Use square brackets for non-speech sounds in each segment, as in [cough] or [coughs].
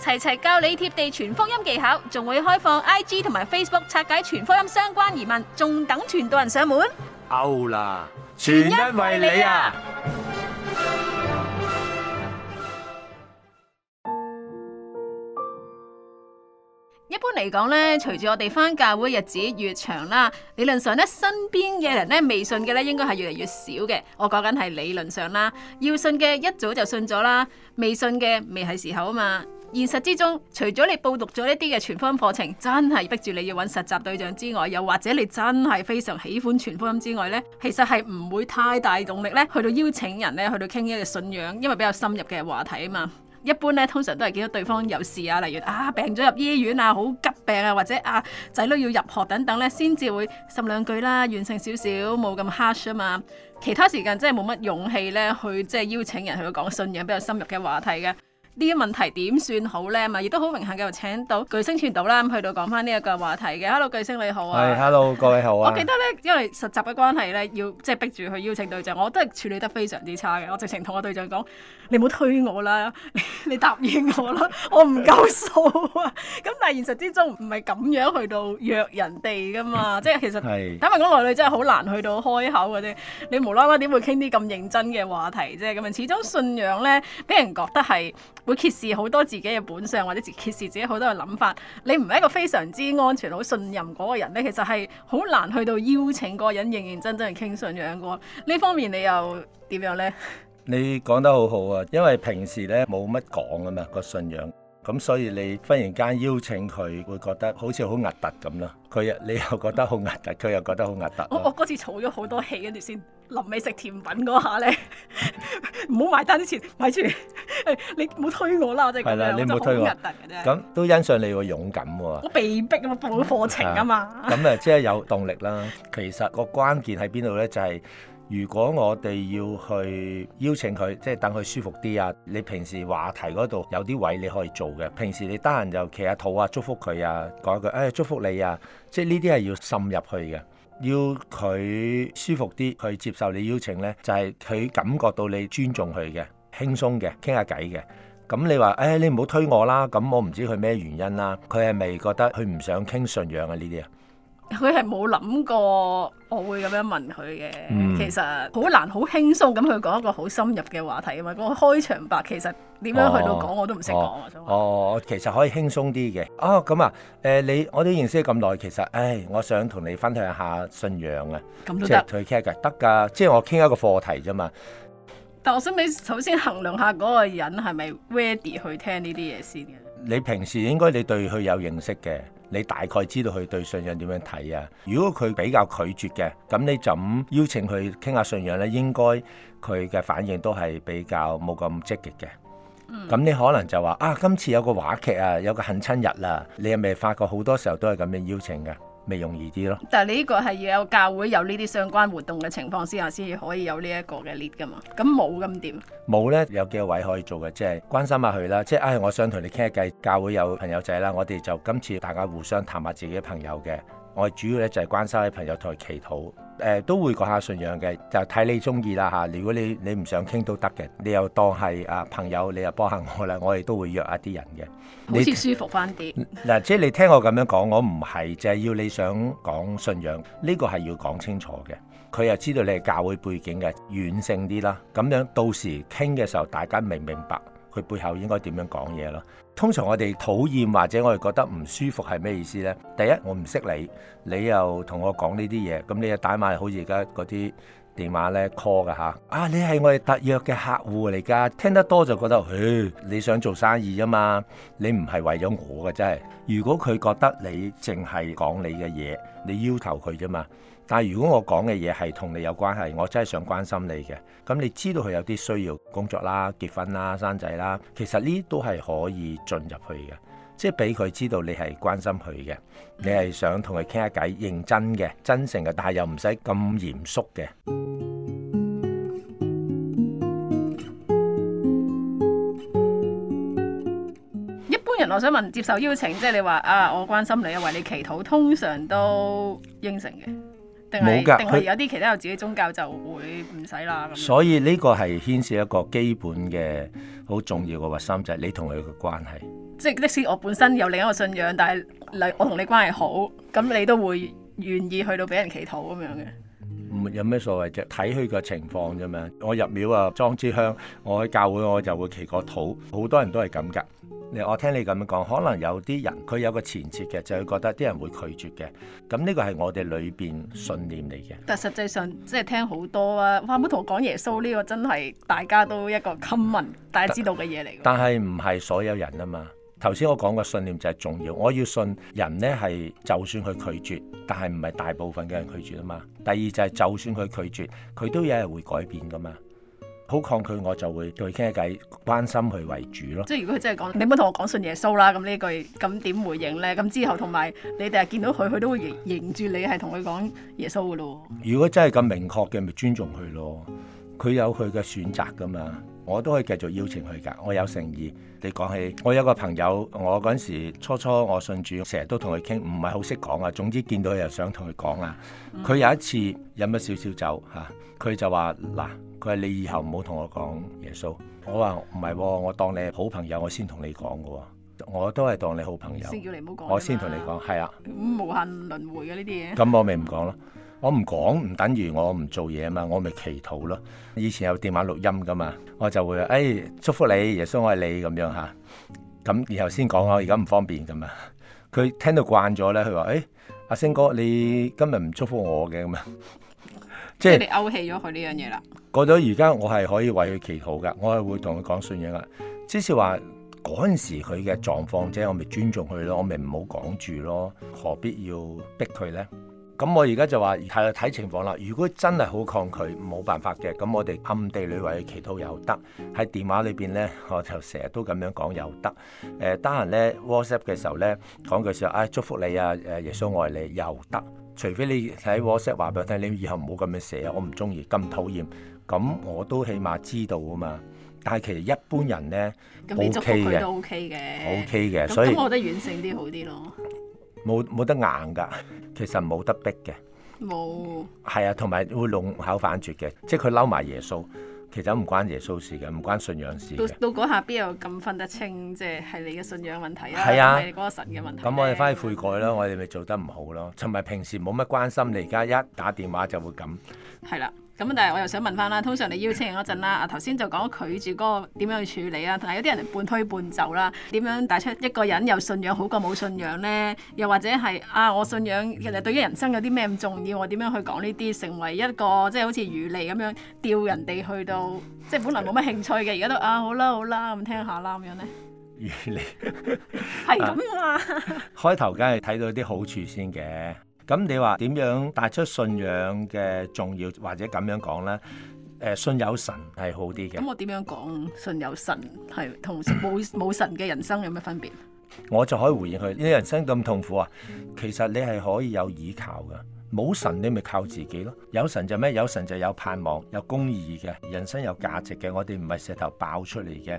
齊齊教你貼地傳福音技巧，仲會開放 I G 同埋 Facebook 拆解傳福音相關疑問，仲等傳道人上門。Out 啦，全因為你啊！一般嚟講咧，隨住我哋返教會日子越長啦，理論上咧，身邊嘅人咧，未信嘅咧，應該係越嚟越少嘅。我講緊係理論上啦，要信嘅一早就信咗啦，未信嘅未係時候啊嘛。現實之中，除咗你報讀咗一啲嘅全福音課程，真係逼住你要揾實習對象之外，又或者你真係非常喜歡全福音之外呢，其實係唔會太大動力咧，去到邀請人咧，去到傾一個信仰，因為比較深入嘅話題啊嘛。一般咧，通常都係見到對方有事啊，例如啊病咗入醫院啊，好急病啊，或者啊仔女要入學等等咧，先至會呻兩句啦，完成少少，冇咁 hush 啊嘛。其他時間真係冇乜勇氣咧，去即係邀請人去講信仰比較深入嘅話題嘅。啲問題點算好咧？啊嘛，亦都好榮幸繼續請到巨星傳道啦。咁去到講翻呢一個話題嘅，Hello 巨星你好啊！Hello 各位好啊！我記得咧，因為實習嘅關係咧，要即係逼住去邀請對象，我都係處理得非常之差嘅。我直情同個對象講：你唔好推我啦，你答應我啦，我唔夠數啊！咁但係現實之中唔係咁樣去到約人哋噶嘛，即係其實睇埋講落去真係好難去到開口嘅啫。你無啦啦點會傾啲咁認真嘅話題啫？咁啊，始終信仰咧，俾人覺得係。會揭示好多自己嘅本性，或者揭示自己好多嘅諗法。你唔係一個非常之安全、好信任嗰個人呢，其實係好難去到邀請個人認認真真去傾信仰嘅。呢方面你又點樣呢？你講得好好啊，因為平時呢冇乜講啊嘛個信仰，咁所以你忽然間邀請佢，會覺得好似好核突咁咯。佢又你又覺得好核突，佢又覺得好核突。我嗰次儲咗好多氣，跟住先臨尾食甜品嗰下呢，唔好埋單之前埋住。你唔好推我啦，我真係係啦，的你唔好推我。咁都欣賞你個勇敢喎。我被逼啊嘛，報咗課程啊嘛。咁誒，即係有動力啦。 [laughs] 其實個關鍵喺邊度咧？就係、是、如果我哋要去邀請佢，即係等佢舒服啲啊。你平時話題嗰度有啲位你可以做嘅。平時你得閒就企下肚啊，祝福佢啊，講一句誒、哎，祝福你啊。即係呢啲係要滲入去嘅，要佢舒服啲，去接受你邀請咧，就係、是、佢感覺到你尊重佢嘅。輕鬆嘅傾下偈嘅，咁你話誒、哎、你唔好推我啦，咁我唔知佢咩原因啦，佢係咪覺得佢唔想傾信仰啊呢啲啊？佢係冇諗過我會咁樣問佢嘅，嗯、其實好難好輕鬆咁去講一個好深入嘅話題啊嘛，個開場白其實點樣去到講、哦、我都唔識講啊哦，哦，其實可以輕鬆啲嘅、哦、啊，咁啊誒你我都認識咁耐，其實誒、哎、我想同你分享下信仰啊，咁都得，可以傾嘅得㗎，即係我傾一個課題啫嘛。但我想你首先衡量下嗰個人係咪 ready 去聽呢啲嘢先嘅。你平時應該你對佢有認識嘅，你大概知道佢對信仰點樣睇啊。如果佢比較拒絕嘅，咁你就邀請佢傾下信仰咧，應該佢嘅反應都係比較冇咁積極嘅。咁、嗯、你可能就話啊，今次有個話劇啊，有個懇親日啦、啊，你係咪發覺好多時候都係咁樣邀請嘅？咪容易啲咯，但係呢個係要有教會有呢啲相關活動嘅情況之下先可以有呢一個嘅 list 噶嘛。咁冇咁點？冇呢？有幾個位可以做嘅，即係關心下佢啦。即係，唉，我想同你傾一計，教會有朋友仔啦，我哋就今次大家互相談下自己朋友嘅。我主要咧就係關心啲朋友同埋祈禱，誒、呃、都會講下信仰嘅，就睇你中意啦嚇。如果你你唔想傾都得嘅，你又當係啊朋友，你又幫下我啦。我亦都會約一啲人嘅，你好似舒服翻啲。嗱， [laughs] 即係你聽我咁樣講，我唔係就係要你想講信仰，呢、呢個係要講清楚嘅。佢又知道你係教會背景嘅，軟性啲啦。咁樣到時傾嘅時候，大家明唔明白？佢背後應該點樣講嘢咯？通常我哋討厭或者我哋覺得唔舒服係咩意思呢？第一，我唔識你，你又同我講呢啲嘢，咁你又打埋好似而家嗰啲。電話咧 call 噶吓，啊你係我哋特約嘅客戶嚟噶，聽得多就覺得，唉你想做生意啊嘛，你唔係為咗我嘅啫。如果佢覺得你淨係講你嘅嘢，你要求佢啫嘛。但係如果我講嘅嘢係同你有關係，我真係想關心你嘅，咁你知道佢有啲需要工作啦、結婚啦、生仔啦，其實呢都係可以進入去嘅。即係俾佢知道你係關心佢嘅，你係想同佢傾下偈，認真嘅、真誠嘅，但係又唔使咁嚴肅嘅。一般人我想問，接受邀請，即係你話啊，我關心你啊，為你祈禱，通常都應承嘅？定係，冇嘅，有啲其他有自己宗教就會唔使啦。所以呢個係牽涉一個基本嘅好重要嘅核心，就係你同佢嘅關係。即係即使我本身有另一個信仰，但係我同你關係好，咁你都會願意去到俾人祈禱咁樣嘅。有咩所謂啫，睇佢個情況啫嘛。我入廟啊，裝支香；我去教會，我就會祈個肚。好多人都係咁噶。我聽你咁樣講，可能有啲人佢有個前設嘅，就會覺得啲人會拒絕嘅。咁呢個係我哋裏邊信念嚟嘅。但實際上，即係聽好多啊，花木同我講耶穌呢，這個真係大家都一個 common，大家知道嘅嘢嚟。但係唔係所有人啊嘛。頭先我講嘅信念就係重要，我要信人呢係，就算佢拒絕，但係唔係大部分嘅人拒絕啊嘛。第二就係就算佢拒絕，佢都有一日會改變噶嘛。好抗拒我就會再傾下偈，關心佢為主咯。即係如果佢真係講，你唔好同我講信耶穌啦，咁呢句咁點回應呢？咁之後同埋你第日見到佢，佢都會迎住你係同佢講耶穌噶咯。如果真係咁明確嘅，咪尊重佢咯。佢有佢嘅選擇噶嘛。我都可以繼續邀請佢㗎，我有誠意。你講起我有個朋友，我嗰陣時初初我信主，成日都同佢傾，唔係好識講啊。總之見到佢又想同佢講啊。佢、嗯、有一次飲咗少少酒吓，佢、啊、就話：嗱、啊，佢話你以後唔好同我講耶穌。我話唔係，我當你係好朋友，我先同你講㗎喎。我都係當你好朋友，先叫你唔好講，我先同你講，係嘛啊。咁無限輪迴嘅呢啲嘢。咁我咪唔講咯。我唔講唔等於我唔做嘢啊嘛，我咪祈禱咯。以前有電話錄音噶嘛，我就會誒、哎、祝福你，耶穌愛你咁樣吓。咁然後先講下，而家唔方便噶嘛。佢 [laughs] 聽到慣咗咧，佢話誒，阿星哥，你今日唔祝福我嘅咁啊， [laughs] 即係。即係你勾起咗佢呢樣嘢啦。過咗而家，我係可以為佢祈禱噶，我係會同佢講信嘢噶，即是話嗰陣時佢嘅狀況啫，我咪尊重佢咯，我咪唔好講住咯，何必要逼佢咧？咁我而家就話係睇情況啦。如果真係好抗拒，冇辦法嘅，咁我哋暗地裏為佢祈禱又得。喺電話裏邊咧，我就成日都咁樣講又得。誒得閒咧 WhatsApp 嘅時候咧，講句説啊、哎、祝福你啊，誒耶穌愛你又得。除非你喺 WhatsApp 話俾我聽，你以後唔好咁樣寫，我唔中意咁討厭。咁我都起碼知道啊嘛。但係其實一般人咧，O K 嘅，O K 嘅，OK、所以我覺得婉轉啲好啲咯。冇冇得硬㗎，其實冇得逼嘅，冇有，係啊，同埋會弄巧反拙嘅，即係佢嬲埋耶穌，其實都唔關耶穌事嘅，唔關信仰事。到嗰下邊又咁分得清，即係係你嘅信仰問題啊，係啊，嗰個神嘅問題、啊。咁、嗯嗯、我哋翻去悔改咯，我哋咪做得唔好咯，同埋平時冇乜關心你，而家一打電話就會咁，係啦、啊。咁但係我又想問翻啦，通常你邀請人嗰陣啦，啊頭先就講拒絕嗰個點樣去處理啊，同埋有啲人半推半就啦，點樣帶出一個人有信仰好過冇信仰呢？又或者係啊，我信仰其實對於人生有啲咩咁重要？我點樣去講呢啲，成為一個即係、就是、好似魚餌咁樣釣人哋去到，即係本來冇乜興趣嘅，而家都啊好啦好啦咁聽下啦咁樣呢，魚餌係咁啊！開頭梗係睇到啲好處先嘅。咁你話點樣帶出信仰嘅重要，或者咁樣講呢？信有神係好啲嘅。咁我點樣講信有神係同冇冇神嘅人生有咩分別？我就可以回應佢：你人生咁痛苦啊，其實你係可以有依靠㗎。冇神你咪靠自己咯，有神就咩？有神就有盼望，有公義嘅人生有價值嘅。我哋唔係石頭爆出嚟嘅。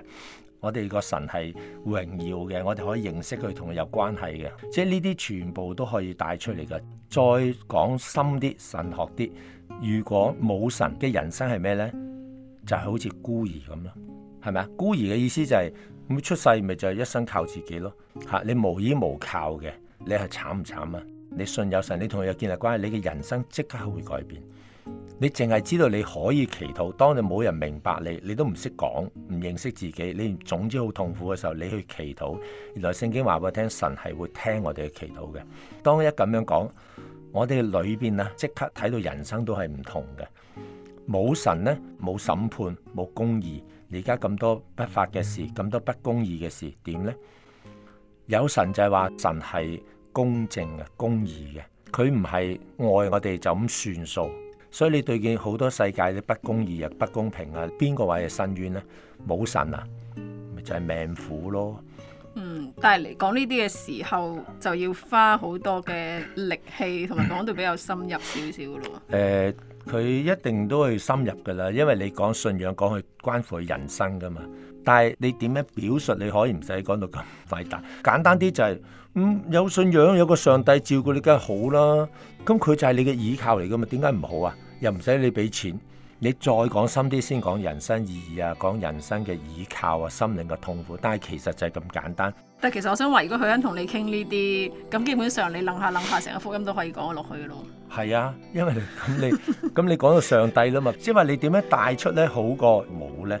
我哋個神係榮耀嘅，我哋可以認識佢，同佢有關係嘅，即係呢啲全部都可以帶出嚟嘅。再講深啲神學啲，如果冇神嘅人生係咩呢？就係好似孤兒咁咯，係咪啊？孤兒嘅意思就係、是、咁出世，咪就係一生靠自己咯。嚇，你無依無靠嘅，你係慘唔慘啊？你信有神，你同佢有建立關係，你嘅人生即刻會改變。你淨係知道你可以祈禱，當你冇人明白你，你都唔識講，唔認識自己，你總之好痛苦嘅時候，你去祈禱，原來聖經話俾我聽，神係會聽我哋嘅祈禱嘅。當一咁樣講，我哋裏邊咧即刻睇到人生都係唔同嘅。冇神呢，冇審判，冇公義。你而家咁多不法嘅事，咁多不公義嘅事，點呢？有神就係話神係公正嘅、公義嘅，佢唔係愛我哋就咁算數。所以你對見好多世界都不公義啊、不公平啊，邊個位係伸冤咧？冇神啊，咪就係、是、命苦咯。嗯，但係講呢啲嘅時候，就要花好多嘅力氣，同埋講到比較深入少少咯。誒、 [laughs] 呃，佢一定都會深入噶啦，因為你講信仰，講去關乎佢人生噶嘛。但係你點樣表述，你可以唔使講到咁偉大，大，簡單啲就係、是，嗯，有信仰，有個上帝照顧你梗係好啦。咁佢就係你嘅依靠嚟噶嘛，點解唔好啊？又唔使你俾錢，你再講深啲先講人生意義啊，講人生嘅依靠啊，心靈嘅痛苦。但係其實就係咁簡單。但係其實我想話，如果佢肯同你傾呢啲，咁基本上你諗下諗下，成個福音都可以講落去咯。係啊，因為咁、嗯、你咁、嗯、你講、嗯、到上帝啦嘛，即係話你點樣帶出咧好過冇咧。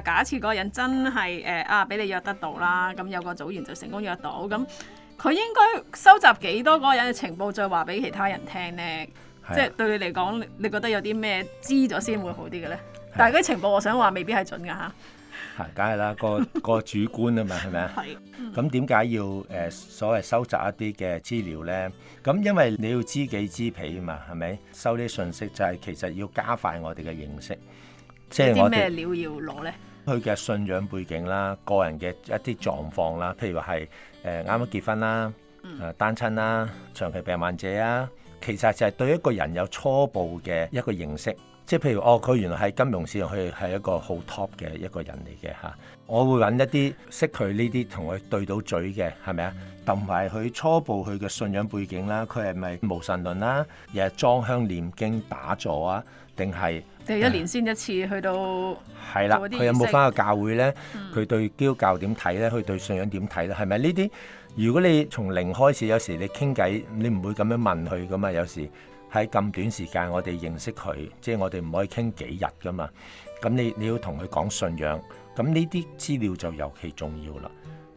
假設嗰個人真係誒啊，俾你約得到啦，咁有個組員就成功約到，咁佢應該收集幾多個人嘅情報，再話俾其他人聽呢？啊、即係對你嚟講，你覺得有啲咩知咗先會好啲嘅咧？但係嗰情報，我想話未必係準㗎吓，係梗係啦，個、啊個主觀啊嘛，係咪啊？係。咁點解要誒所謂收集一啲嘅資料咧？咁因為你要知己知彼啊嘛，係咪？收啲信息就係其實要加快我哋嘅認識，即係啲咩料要攞咧？佢嘅信仰背景啦，個人嘅一啲狀況啦，譬如話係誒啱啱結婚啦，誒單親啦，長期病患者啊，其實就係對一個人有初步嘅一個認識，即係譬如哦，佢原來喺金融市場，佢係一個好 top 嘅一個人嚟嘅嚇，我會揾一啲識佢呢啲同佢對到嘴嘅，係咪啊？同埋佢初步佢嘅信仰背景啦，佢係咪無神論啦？又係裝香念經打坐啊？定係定一年先一次、嗯、去到係啦，佢有冇翻個教會呢？佢對基督教點睇呢？佢對信仰點睇呢？係咪呢啲？如果你從零開始，有時你傾偈，你唔會咁樣問佢噶嘛。有時喺咁短時間，我哋認識佢，即係我哋唔可以傾幾日噶嘛。咁你你要同佢講信仰，咁呢啲資料就尤其重要啦。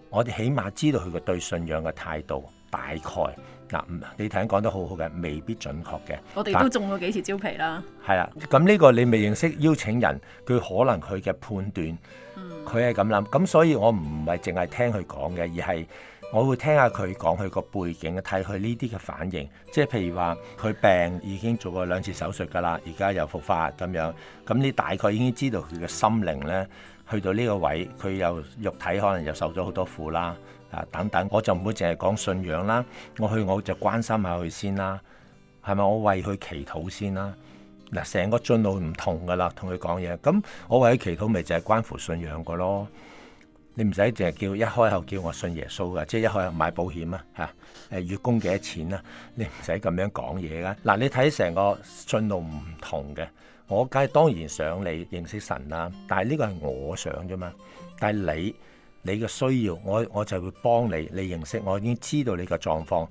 我哋起碼知道佢個對信仰嘅態度大概。嗱，你頭先講得好好嘅，未必準確嘅。我哋都中過幾次招皮啦。係啊，咁呢個你未認識邀請人，佢可能佢嘅判斷，佢係咁諗。咁所以我唔係淨係聽佢講嘅，而係我會聽下佢講佢個背景，睇佢呢啲嘅反應。即係譬如話佢病已經做過兩次手術㗎啦，而家又復發咁樣。咁你大概已經知道佢嘅心靈呢，去到呢個位，佢又肉體可能又受咗好多苦啦。啊，等等，我就唔會淨係講信仰啦。我去我就關心下佢先啦，係咪？我為佢祈禱先啦。嗱，成個進路唔同噶啦，同佢講嘢。咁我為佢祈禱，咪就係關乎信仰噶咯。你唔使淨係叫一開口叫我信耶穌噶，即係一開口買保險啊，吓，誒，月供幾多錢啊？你唔使咁樣講嘢噶。嗱，你睇成個進路唔同嘅，我梗係當然想你認識神啦，啊。但係呢個係我想啫嘛，但係你。你嘅需要，我我就會幫你。你認識，我已經知道你嘅狀況。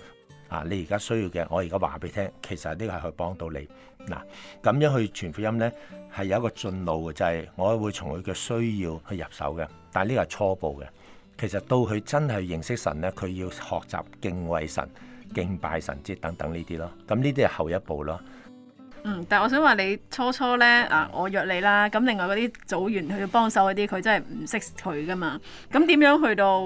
啊，你而家需要嘅，我而家話俾你聽。其實呢個係去幫到你。嗱、啊，咁樣去傳福音呢，係有一個進路嘅，就係、是、我會從佢嘅需要去入手嘅。但係呢個係初步嘅，其實到佢真係認識神呢，佢要學習敬畏神、敬拜神，即等等呢啲咯。咁呢啲係後一步咯。嗯，但係我想話你初初咧啊，我約你啦，咁另外嗰啲組員去幫手嗰啲，佢真係唔識佢噶嘛？咁點樣去到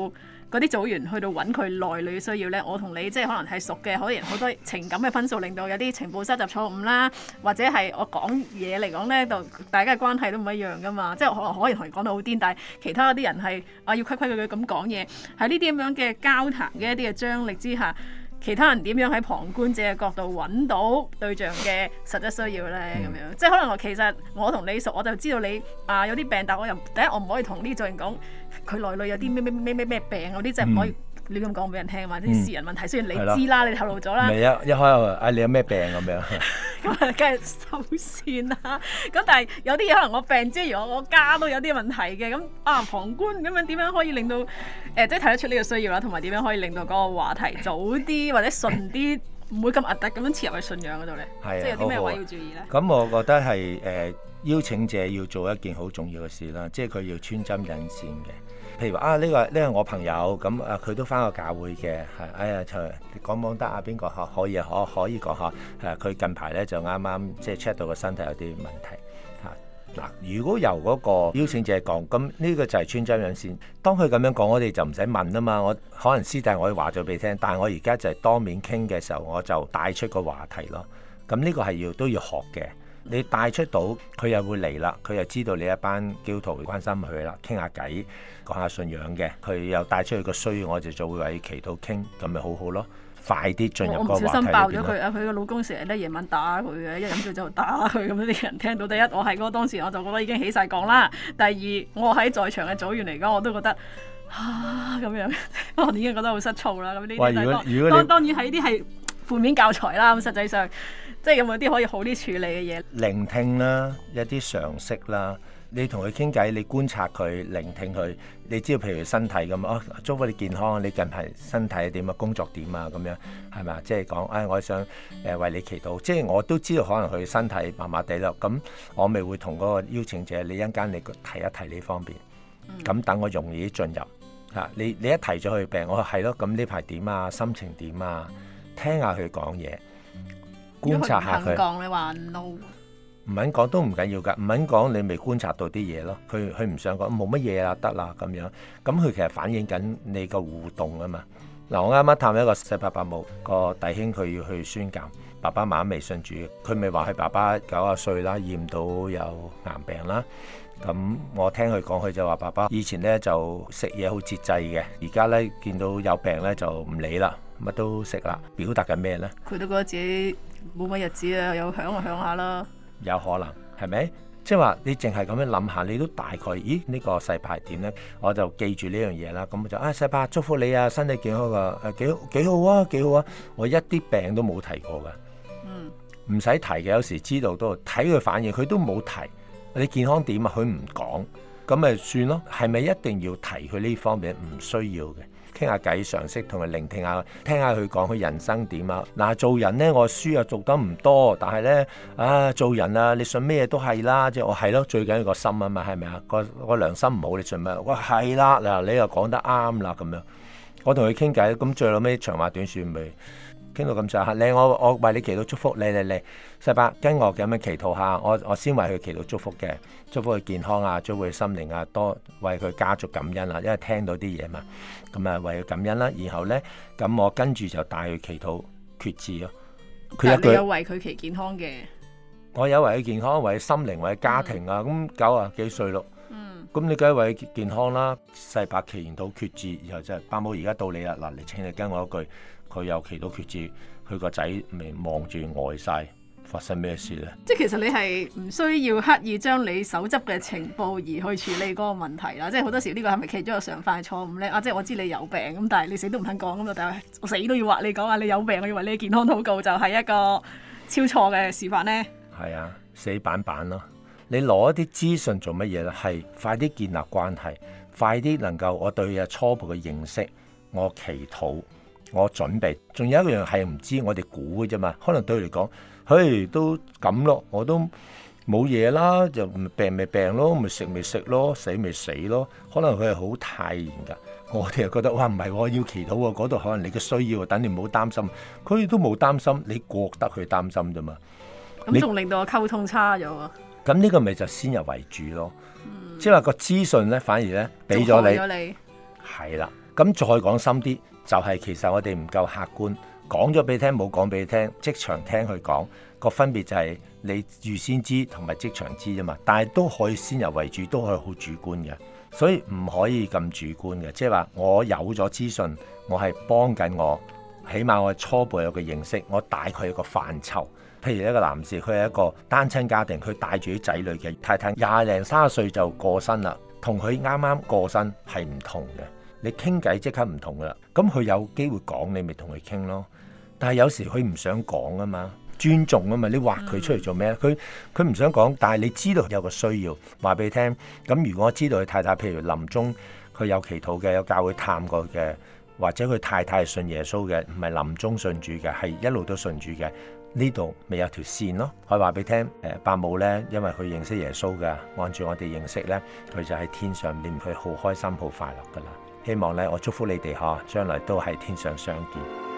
嗰啲組員去到揾佢內裡需要咧？我同你即係可能係熟嘅，可能好多情感嘅分數令到有啲情報收集錯誤啦，或者係我講嘢嚟講咧，就大家嘅關係都唔一樣噶嘛？即係可能可以同你講到好癲，但係其他嗰啲人係啊要規規矩矩咁講嘢，喺呢啲咁樣嘅交談嘅一啲嘅張力之下。其他人點樣喺旁觀者嘅角度揾到對象嘅實質需要呢？咁樣、嗯、即係可能我其實我同你熟，我就知道你啊有啲病，但我又第一我唔可以同呢啲人講佢內裏有啲咩咩咩咩病，嗰啲真係唔可以。嗯亂咁講俾人聽嘛，或者私人問題，雖然你知啦，的你透露咗啦。咪一一開口，哎，你有咩病咁樣？咁啊，梗係收線啦。咁但係有啲嘢可能我病之餘，如果我家都有啲問題嘅。咁啊旁觀咁樣點樣可以令到誒、呃、即係睇得出呢個需要啦，同埋點樣可以令到嗰個話題早啲或者順啲，唔 [coughs] 會咁核突咁樣切入去信仰嗰度咧？係即係有啲咩話要注意咧？咁我覺得係誒、呃、邀請者要做一件好重要嘅事啦，即係佢要穿針引線嘅。譬如話啊，呢、這個呢、這個我朋友咁、嗯、啊，佢都翻過教會嘅，係哎呀，你講講得啊，邊個可可以可可以講下。誒，佢近排咧就啱啱即係 check 到個身體有啲問題嚇。嗱，如果由嗰個邀請者講，咁、嗯、呢、這個就係穿針引線。當佢咁樣講，我哋就唔使問啊嘛。我可能師弟，我話咗俾你聽，但係我而家就係當面傾嘅時候，我就帶出個話題咯。咁、嗯、呢、這個係要都要學嘅。你帶出到佢又會嚟啦，佢又知道你一班基督徒關心佢啦，傾下偈，講下信仰嘅，佢又帶出去個需要，我就就會喺祈禱傾，咁咪好好咯，快啲進入個話題，我唔小心爆咗佢啊！佢個老公成日咧夜晚打佢嘅，一飲醉就打佢，咁啲人聽到第一，我喺嗰、嗰個、當時我就覺得已經起晒槓啦；第二，我喺在，在場嘅組員嚟講，我都覺得啊，咁樣， [laughs] 我已經覺得好失躁啦。咁呢啲當然係啲係負面教材啦。咁實際上。即係有冇啲可以好啲處理嘅嘢？聆聽啦，一啲常識啦。你同佢傾偈，你觀察佢，聆聽佢。你知道，譬如身體咁啊，祝福你健康。你近排身體點啊？工作點啊？咁樣係咪？即係講，唉、就是哎，我想誒為你祈禱。即、就、係、是、我都知道，可能佢身體麻麻地咯。咁我咪會同嗰個邀請者，你一間你提一提呢方面。咁等、嗯、我容易進入吓、啊、你。你一提咗佢病，我話係咯。咁呢排點啊？心情點啊？聽下佢講嘢。觀察下佢，唔肯講，no，肯你話 no，唔肯講都唔緊要㗎，唔肯講你未觀察到啲嘢咯。佢，佢唔想講，冇乜嘢啦，得啦咁樣。咁佢其實反映緊你個互動啊嘛。嗱，我啱啱探一個細伯伯母個弟兄，佢要去宣教，爸爸媽媽未信主，佢咪話佢爸爸九啊歲啦，驗到有癌病啦。咁我聽佢講，佢就話爸爸以前呢就食嘢好節制嘅，而家呢見到有病呢就唔理啦，乜都食啦。表達緊咩呢？佢都覺得自己。冇乜日子啦、啊，又響就響下啦。有可能係咪？即係話你淨係咁樣諗下，你都大概，咦呢、呢個世伯係點咧？我就記住呢樣嘢啦。咁就啊、哎、世伯，祝福你啊身體健康啊，幾好幾好啊，幾好啊！我一啲病都冇提過噶，嗯，唔使提嘅。有時知道都睇佢反應，佢都冇提。你健康點啊？佢唔講，咁咪算咯。係咪一定要提佢呢方面唔需要嘅？傾下偈，常識同埋聆聽下，聽下佢講佢人生點啊！嗱，做人咧，我書又做得唔多，但係咧，啊做人啊，你信咩嘢都係啦，即係我係咯，最緊要個心啊嘛，係咪啊？個個良心唔好，你信咩？我係啦，嗱，你又講得啱啦，咁樣，我同佢傾偈，咁最尾長話短説咪。傾到咁上下，你我我為你祈禱祝福，你你你，世伯跟我咁樣祈禱下，我我先為佢祈禱祝福嘅，祝福佢健康啊，祝福佢心靈啊，多為佢家族感恩啦，因為聽到啲嘢嘛，咁啊為佢感恩啦，然後咧咁我跟住就帶佢祈禱決志咯。佢一定有為佢祈健康嘅，我有為佢健康，為佢心靈，為佢家庭啊，咁九啊幾歲咯，咁你梗為佢健康啦，世伯祈禱決志，然後就，伯母而家到你啦，嗱，你請你跟我一句。佢又祈到決絕，佢個仔未望住外世發生咩事呢？即係其實你係唔需要刻意將你手執嘅情報而去處理嗰個問題啦。即係好多時呢個係咪其中一個常犯嘅錯誤呢？啊，即係我知你有病咁，但係你死都唔肯講咁，但係我死都要話你講啊！你有病，我以為你話你健康禱告就係一個超錯嘅示範呢。係啊，死板板咯，啊！你攞一啲資訊做乜嘢呢？係快啲建立關係，快啲能夠我對啊初步嘅認識，我祈禱。我準備，仲有一樣係唔知，我哋估嘅啫嘛。可能對佢嚟講，嘿都咁咯，我都冇嘢啦，就病咪病咯，咪食咪食咯，死咪死咯。可能佢係好泰然噶，我哋又覺得哇唔係、哦，我要祈禱喎，嗰度可能你嘅需要，等你唔好擔心。佢都冇擔心，你覺得佢擔心啫嘛。咁仲令到我溝通差咗啊？咁呢個咪就先入為主咯，嗯、即係話個資訊咧，反而咧俾咗你，係啦。咁再講深啲。就係其實我哋唔夠客觀，講咗俾你聽冇講俾你聽，即場聽佢講個分別就係你預先知同埋即場知啫嘛，但係都可以先入為主，都係好主觀嘅，所以唔可以咁主觀嘅，即係話我有咗資訊，我係幫緊我，起碼我初步有個認識，我大概有一個範疇。譬如一個男士，佢係一個單親家庭，佢帶住啲仔女嘅，太太，廿零三十歲就過身啦，剛剛同佢啱啱過身係唔同嘅。你傾偈即刻唔同噶啦，咁佢有機會講你，你咪同佢傾咯。但係有時佢唔想講啊嘛，尊重啊嘛，你挖佢出嚟做咩？佢佢唔想講，但係你知道有個需要，話俾你聽。咁如果我知道佢太太，譬如臨終佢有祈禱嘅，有教會探過嘅，或者佢太太係信耶穌嘅，唔係臨終信主嘅，係一路都信主嘅，呢度咪有條線咯。我話俾你聽，誒、呃、伯母咧，因為佢認識耶穌噶，按照我哋認識咧，佢就喺天上面，佢好開心、好快樂噶啦。希望咧，我祝福你哋哈，將來都喺天上相見。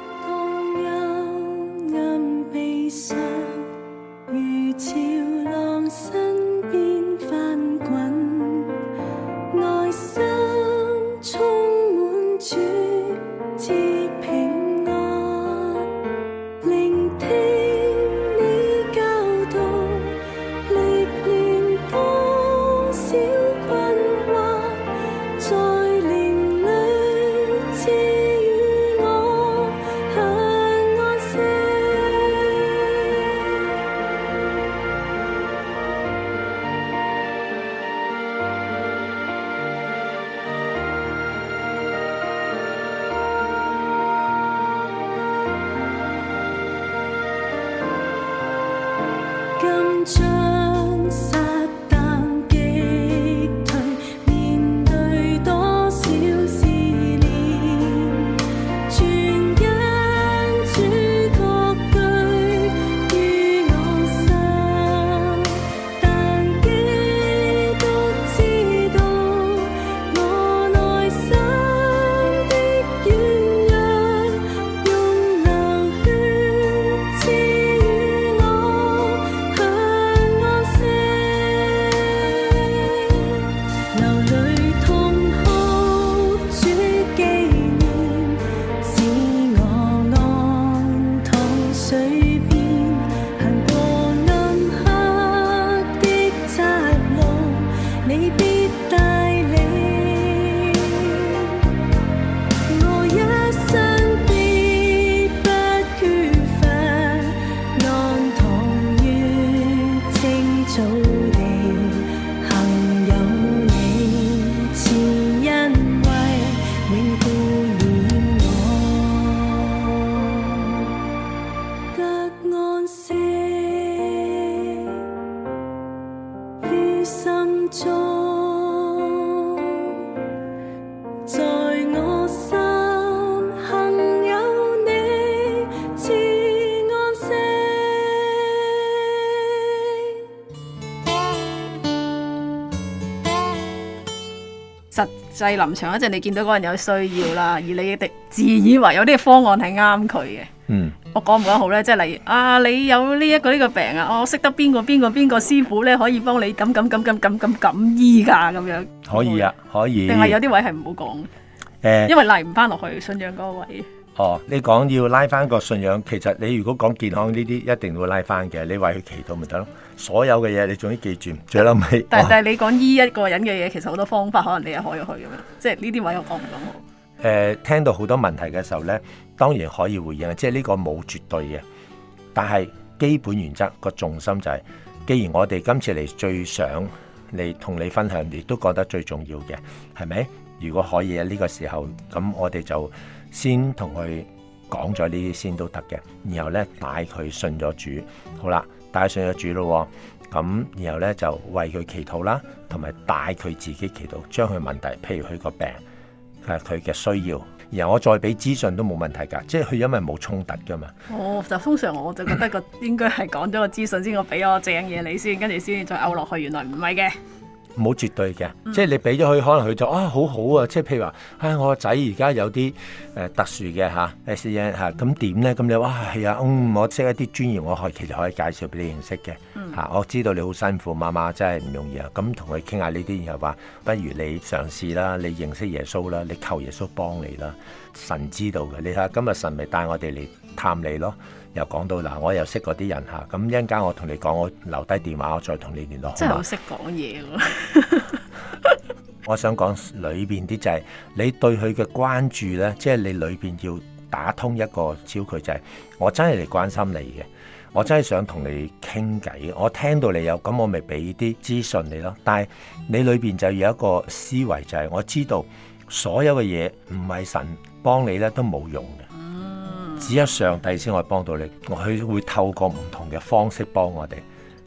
制臨場嗰陣，你見到嗰個人有需要啦，而你哋自以為有啲方案係啱佢嘅。嗯，我講唔講好咧？即係例如啊，你有呢一個呢個病啊，我識得邊個邊個邊個師傅咧可以幫你咁咁咁咁咁咁醫㗎咁樣。可以啊，可以。定係有啲位係唔好講？誒、欸，因為嚟唔翻落去信仰嗰個位。哦，你講要拉翻個信仰，其實你如果講健康呢啲，一定會拉翻嘅。你話去祈禱咪得咯，所有嘅嘢你總之記住，再諗起。就是、但係、哦、你講依一個人嘅嘢，其實好多方法，可能你又可以去咁樣，即係呢啲位我講唔到好、呃。聽到好多問題嘅時候呢，當然可以回應，即係呢個冇絕對嘅，但係基本原則個重心就係、是，既然我哋今次嚟最想嚟同你分享，亦都覺得最重要嘅，係咪？如果可以呢、呢個時候咁我哋就。先同佢講咗呢啲先都得嘅，然後呢，帶佢信咗主，好啦，帶信咗主咯，咁然後呢，就為佢祈禱啦，同埋帶佢自己祈禱，將佢問題，譬如佢個病，佢係佢嘅需要，然後我再俾資訊都冇問題㗎，即係佢因為冇衝突㗎嘛。哦，就通常我就覺得個應該係講咗個資訊先，我俾我正嘢你先，跟住先再嘔落去，原來唔係嘅。冇好絕對嘅，即係你俾咗佢，可能佢就啊好好啊，即係譬如話，唉、哎、我個仔而家有啲誒特殊嘅吓，SEN 吓，咁點咧？咁你哇係啊，啊哎、呀嗯我識一啲專業，我可其實可以介紹俾你認識嘅吓、啊，我知道你好辛苦，媽媽真係唔容易啊，咁同佢傾下呢啲然後話，不如你嘗試啦，你認識耶穌啦，你求耶穌幫你啦，神知道嘅，你睇下今日神咪帶我哋嚟探你咯。又講到嗱，我又識嗰啲人嚇，咁一陣間我同你講，我留低電話，我再同你聯絡。真係好識講嘢喎！我想講裏邊啲就係、是、你對佢嘅關注呢即係、就是、你裏邊要打通一個焦距，就係、是、我真係嚟關心你嘅，我真係想同你傾偈。我聽到你有，咁我咪俾啲資訊你咯。但係你裏邊就有一個思維，就係我知道所有嘅嘢唔係神幫你呢，都冇用嘅。只有上帝先可以幫到你，佢會透過唔同嘅方式幫我哋。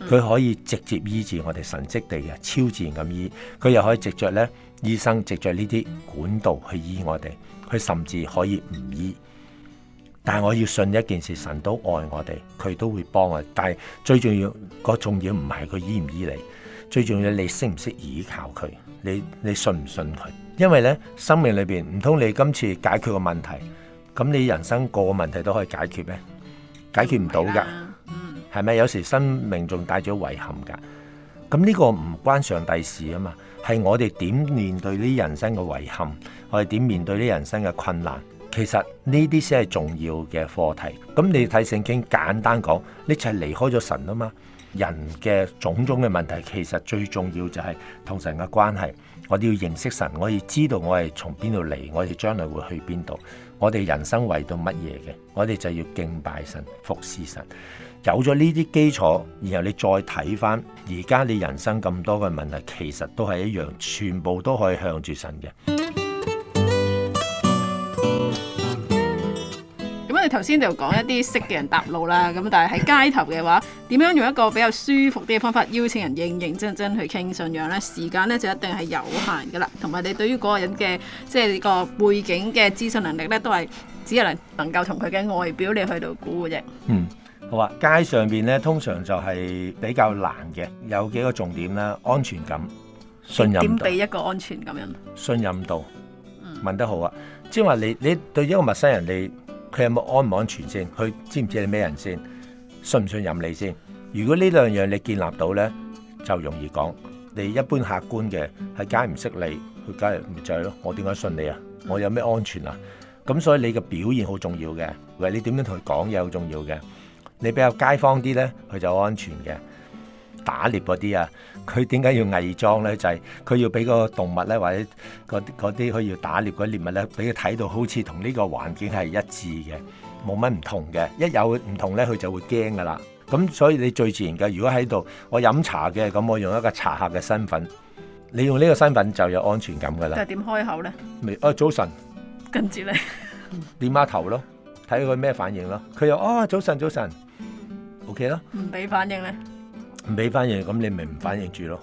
佢可以直接醫治我哋神跡地嘅超自然咁醫，佢又可以藉著咧醫生藉著呢啲管道去醫我哋。佢甚至可以唔醫。但係我要信一件事，神都愛我哋，佢都會幫我。但係最重要，個重要唔係佢醫唔醫你，最重要你識唔識依靠佢，你你信唔信佢？因為呢，生命裏邊唔通你今次解決個問題。咁你人生個個問題都可以解決咩？解決唔到㗎，係咪、嗯、有時生命仲帶咗遺憾㗎？咁呢個唔關上帝事啊嘛，係我哋點面對呢人生嘅遺憾，我哋點面對呢人生嘅困難，其實呢啲先係重要嘅課題。咁你睇聖經簡單講，呢就係離開咗神啊嘛。人嘅種種嘅問題，其實最重要就係同神嘅關係。我哋要認識神，我哋要知道我係從邊度嚟，我哋將來會去邊度。我哋人生為到乜嘢嘅？我哋就要敬拜神、服侍神。有咗呢啲基礎，然後你再睇返而家你人生咁多嘅問題，其實都係一樣，全部都可以向住神嘅。頭先就講一啲識嘅人搭路啦，咁但係喺街頭嘅話，點樣用一個比較舒服啲嘅方法邀請人認認真真去傾信仰呢？時間呢就一定係有限噶啦，同埋你對於嗰個人嘅即係個背景嘅資訊能力呢，都係只係能能夠同佢嘅外表你去到估嘅啫。嗯，好啊，街上邊呢通常就係比較難嘅，有幾個重點啦，安全感、信任點俾一個安全感，信任度。嗯，問得好啊，即係話你你對一個陌生人你。佢有冇安唔安全先？佢知唔知你咩人先？信唔信任你先？如果呢兩樣你建立到呢，就容易講。你一般客觀嘅，佢梗係唔識你，佢梗係咪就係咯？我點解信你啊？我有咩安全啊？咁所以你嘅表現好重要嘅，或者你點樣同佢講嘢好重要嘅。你比較街坊啲呢，佢就安全嘅。打獵嗰啲啊～佢點解要偽裝咧？就係、是、佢要俾個動物咧，或者嗰啲佢要打獵嗰獵物咧，俾佢睇到好似同呢個環境係一致嘅，冇乜唔同嘅。一有唔同咧，佢就會驚噶啦。咁所以你最自然嘅，如果喺度我飲茶嘅，咁我用一個茶客嘅身份，你用呢個身份就有安全感噶啦。即係點開口咧？未啊，早晨。跟住著咧，點 [laughs] 下頭咯，睇佢咩反應咯。佢又啊，早晨，早晨。OK 咯。唔俾反應咧。唔俾反應，咁你咪唔反應住咯。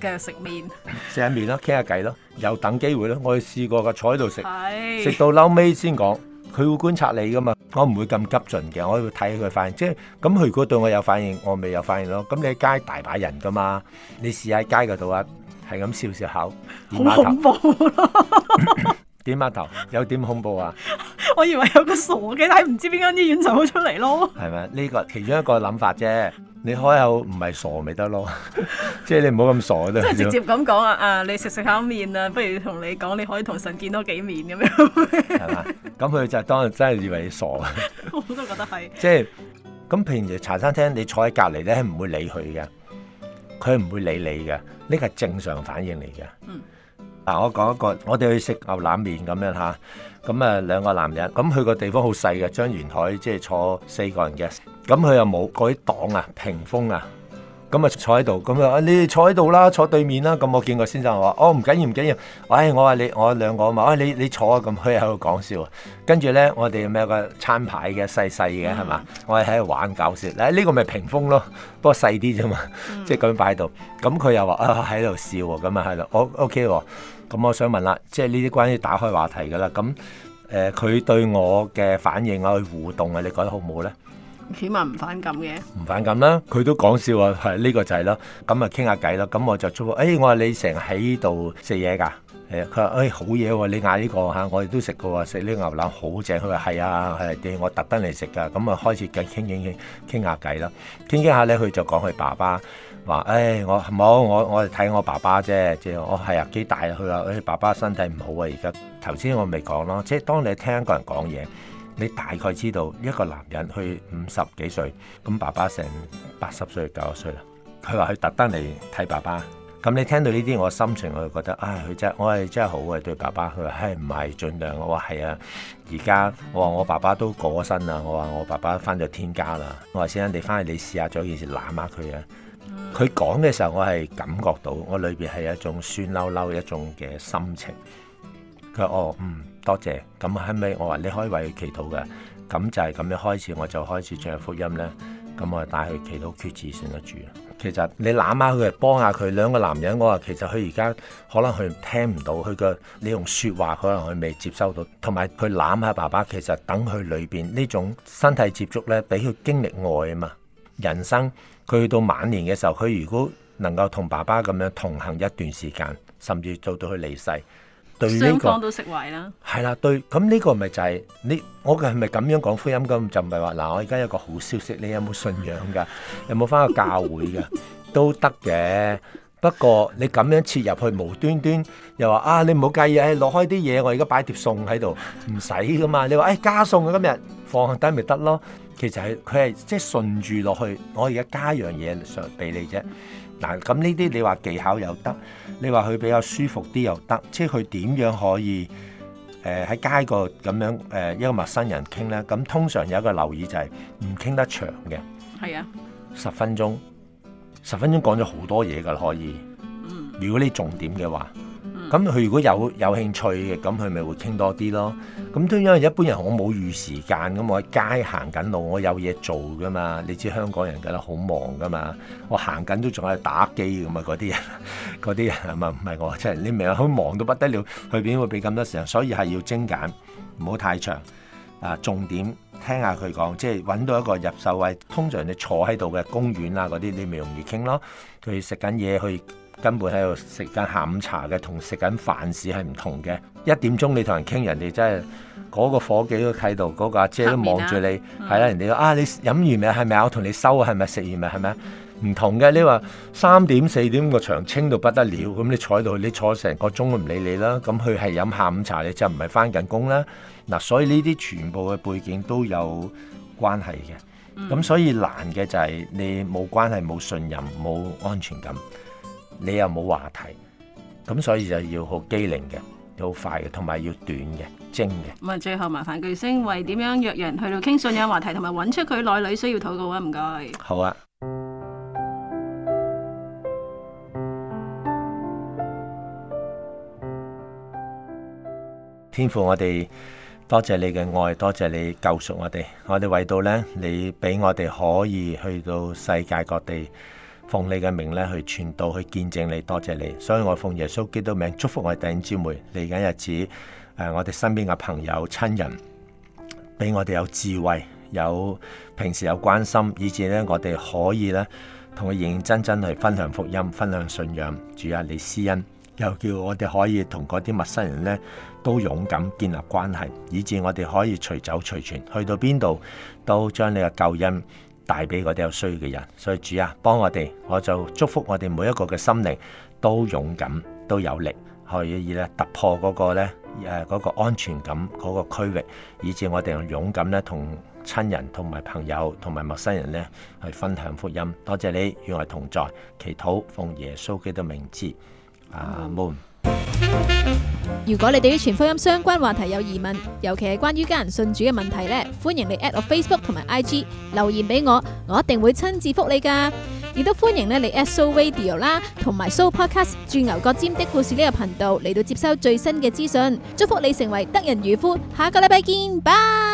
繼續食麵，食下麵咯，傾下偈咯，又等機會咯。我哋試過嘅坐喺度食，食到嬲尾先講。佢會觀察你噶嘛？我唔會咁急進嘅，我會睇佢反應。即係咁，佢如果對我有反應，我咪有反應咯。咁你喺街大把人噶嘛？你試下街嗰度啊，係咁笑笑口。好恐怖！點啊頭？有點恐怖啊！我以為有個傻嘅喺唔知邊間醫院就出嚟咯。係咪？呢個其中一個諗法啫。你開口唔係傻咪得咯， [laughs] 即係你唔好咁傻都 [laughs] [laughs] 即係直接咁講啊！啊，你食食下麵啊，不如同你講，你可以同神見多幾面咁樣。係 [laughs] 嘛？咁佢就當真係以為你傻啊！ [laughs] 我都覺得係。即係咁，平時茶餐廳你坐喺隔離咧，係唔會理佢嘅，佢係唔會理你嘅，呢個係正常反應嚟嘅。嗯。嗱、啊，我講一個，我哋去食牛腩麵咁樣吓。咁啊，兩個男人，咁佢個地方好細嘅，張圓枱即係坐四個人嘅，咁佢又冇嗰啲擋啊、屏風啊。咁啊坐喺度，咁啊你哋坐喺度啦，坐對面啦。咁我見個先生話：哦唔緊要唔緊要，喂、哎、我話你我兩個啊嘛、哎，你你坐啊咁，佢喺度講笑啊。跟住咧，我哋咪有個餐牌嘅細細嘅係嘛？嗯、我哋喺度玩搞笑，嗱、這、呢個咪屏風咯，不過細啲啫嘛，即係咁樣擺喺度。咁佢又話啊喺度笑，咁啊喺度，我 OK 咁、喔、我想問啦，即係呢啲關於打開話題嘅啦。咁誒佢對我嘅反應我去互動啊，你覺得好唔好咧？起碼唔反感嘅，唔反感啦。佢都講笑話啊，係呢個就係咯。咁咪傾下偈咯。咁我就初步，我話你成日喺度食嘢㗎。誒，佢話誒好嘢喎，你嗌呢個嚇，我哋都食過食呢牛腩好正。佢話係啊，係啊，我，我特登嚟食㗎。咁啊，開始咁傾傾傾傾下偈咯。傾傾下咧，佢就講佢爸爸話，誒、欸，我冇，我我係睇我爸爸啫。即我係啊幾大？佢話誒，爸爸身體唔好啊，而家頭先我咪講咯，即當你聽一個人講嘢。你大概知道一個男人去五十幾歲，咁爸爸成八十歲九十歲啦。佢話佢特登嚟睇爸爸。咁你聽到呢啲，我心情我就覺得，唉，哎，佢真係，我係真係好嘅對爸爸。佢話，唉，哎，唔係，儘量。我話，係啊。而家我話我爸爸都過咗身啦，我話我爸爸翻咗天家啦。我話先陣地翻去，你試下做件事攬下佢啊。佢講嘅時候，我係感覺到我裏邊係一種酸溜溜一種嘅心情。佢話：哦，嗯。多謝，咁係咪我話你可以為佢祈禱嘅，咁就係咁樣開始，我就開始唱福音咧。咁我就帶佢祈禱決志信得住。其實你攬下佢，幫下佢，兩個男人，我話其實佢而家可能佢聽唔到，佢嘅你用説話可能佢未接收到，同埋佢攬下爸爸，其實等佢裏邊呢種身體接觸咧，俾佢經歷愛啊嘛。人生佢到晚年嘅時候，佢如果能夠同爸爸咁樣同行一段時間，甚至做到佢離世。雙方都食壞啦，係啦，對，咁呢個咪就係你，我係咪咁樣講福音？咁就唔係話嗱，我而家有個好消息，你有冇信仰噶？有冇翻個教會噶？都得嘅，不過你咁樣切入去，無端端又話啊，你唔好介意，誒，落開啲嘢，我而家擺碟餸喺度，唔使噶嘛。你話誒，加餸啊，今日放低咪得咯。其實係佢係即係順住落去，我而家加樣嘢上俾你啫。嗱，咁呢啲你話技巧又得，你話佢比較舒服啲又得，即係佢點樣可以誒喺、呃、街個咁樣誒、呃、一個陌生人傾咧？咁通常有一個留意就係唔傾得長嘅，係啊的，十分鐘，十分鐘講咗好多嘢噶可以，嗯，如果你重點嘅話。咁佢如果有有興趣嘅，咁佢咪會傾多啲咯。咁都因為一般人我冇預時間，咁我喺街行緊路，我有嘢做㗎嘛。你知香港人梗係好忙㗎嘛，我行緊都仲喺度打機咁啊！嗰啲人，嗰啲人係咪唔係我？即係你明啊，好忙到不得了，佢邊會俾咁多時間？所以係要精簡，唔好太長啊。重點聽下佢講，即係揾到一個入手位。通常你坐喺度嘅公園啊嗰啲，你咪容易傾咯。佢食緊嘢去。根本喺度食緊下午茶嘅，同食緊飯市係唔同嘅。一點鐘你同人傾，人哋真係嗰、嗰個夥計都睇到，嗰、那、阿、個、姐都望住你。係啦、啊嗯啊，人哋啊，你飲完未？係咪我同你收？係咪食完未？係咪、嗯？唔同嘅。你話三點四點個場清到不得了，咁你坐喺度，你坐成個鐘都唔理你啦。咁佢係飲下午茶，你就唔係翻緊工啦。嗱、啊，所以呢啲全部嘅背景都有關係嘅。咁所以難嘅就係你冇關係、冇信任、冇安全感。你又冇話題，咁所以就要好機靈嘅，要好快嘅，同埋要短嘅、精嘅。咁啊，最後麻煩巨星為點樣約人去到傾信仰話題，同埋揾出佢內裏需要禱告啊！唔該。好啊。天父，我哋多謝你嘅愛，多謝你救贖我哋，我哋為到呢，你俾我哋可以去到世界各地。奉你嘅名咧，去傳道，去見證你，多謝你。所以我奉耶穌基督名祝福我哋弟兄姊妹，嚟緊日子，誒、呃，我哋身邊嘅朋友、親人，俾我哋有智慧，有平時有關心，以致咧我哋可以咧同佢認真真去分享福音、分享信仰。主啊，你施恩，又叫我哋可以同嗰啲陌生人咧都勇敢建立關係，以致我哋可以隨走隨傳，去到邊度都將你嘅救恩。帶俾嗰啲有需要嘅人，所以主啊，幫我哋，我就祝福我哋每一個嘅心靈都勇敢，都有力去咧突破嗰個咧誒、呃那個安全感嗰、那個區域，以至我哋勇敢咧同親人、同埋朋友、同埋陌生人咧去分享福音。多謝你與我同在，祈禱奉耶穌基督名字，阿門。如果你對於全福音相關話題有疑問，尤其係關於家人信主嘅問題咧，歡迎你 at 我 Facebook 同埋 IG 留言俾我，我一定會親自復你噶。亦都歡迎咧嚟 at Soul Radio 啦，同埋 Soul Podcast，鑽牛角尖的故事呢個頻道嚟到接收最新嘅資訊。祝福你成為得人漁夫，下個禮拜見，拜。